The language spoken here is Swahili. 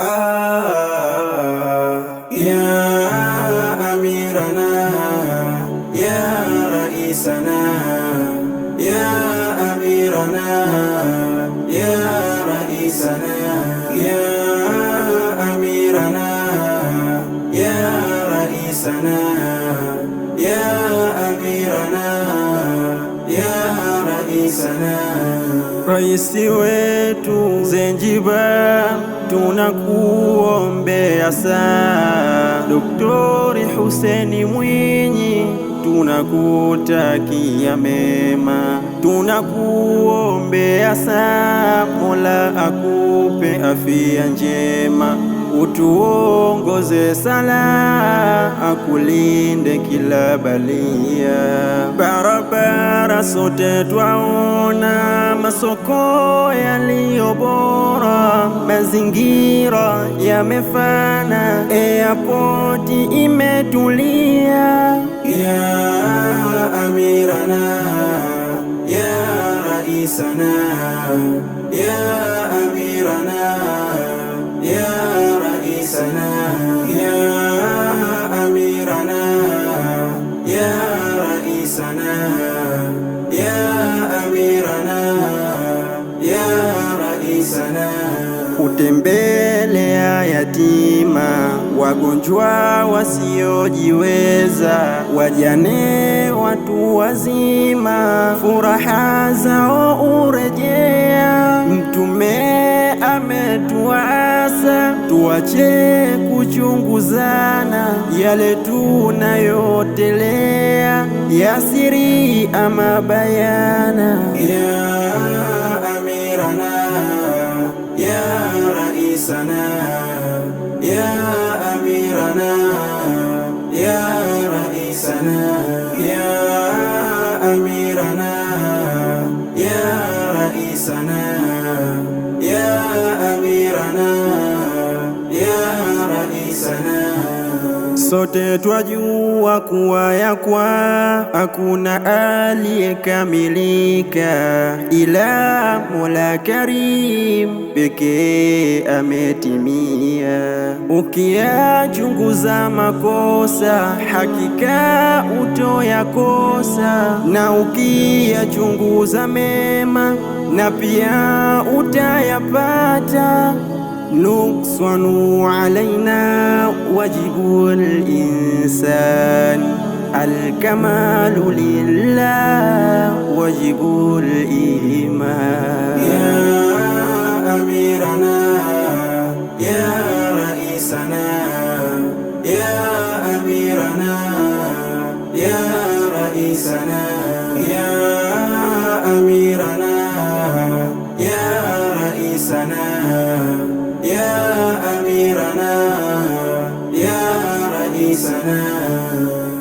آه، يا أميرنا يا رئيسنا يا أميرنا يا رئيسنا يا أميرنا يا رئيسنا يا أميرنا يا رئيسنا Raisi wetu Zenjiba, tunakuombea saa. Doktori huseni Mwinyi, tunakutakia mema, tunakuombea saa. Mola akupe afia njema, utuongoze sala, akulinde kila balia baraba sote twaona masoko yaliyo bora, mazingira yamefana, airport imetulia. Ya amirana ya raisana ya amirana kutembelea yatima, wagonjwa wasiojiweza, wajane, watu wazima, furaha zao urejea. Mtume ametuasa tuache kuchunguzana, yale tunayotelea, yasiri ama bayana, yeah. أميرنا يا أميرنا يا رئيسنا Sote twajua kuwa yakwa hakuna aliyekamilika ila Mola Karim pekee ametimia. Ukiyachunguza makosa hakika utoyakosa, na ukiyachunguza mema na pia utayapata. نقصن علينا وجب الإنسان الكمال لله وجب الإيمان يا أميرنا يا رئيسنا يا أميرنا يا رئيسنا يا أميرنا يا رئيسنا لي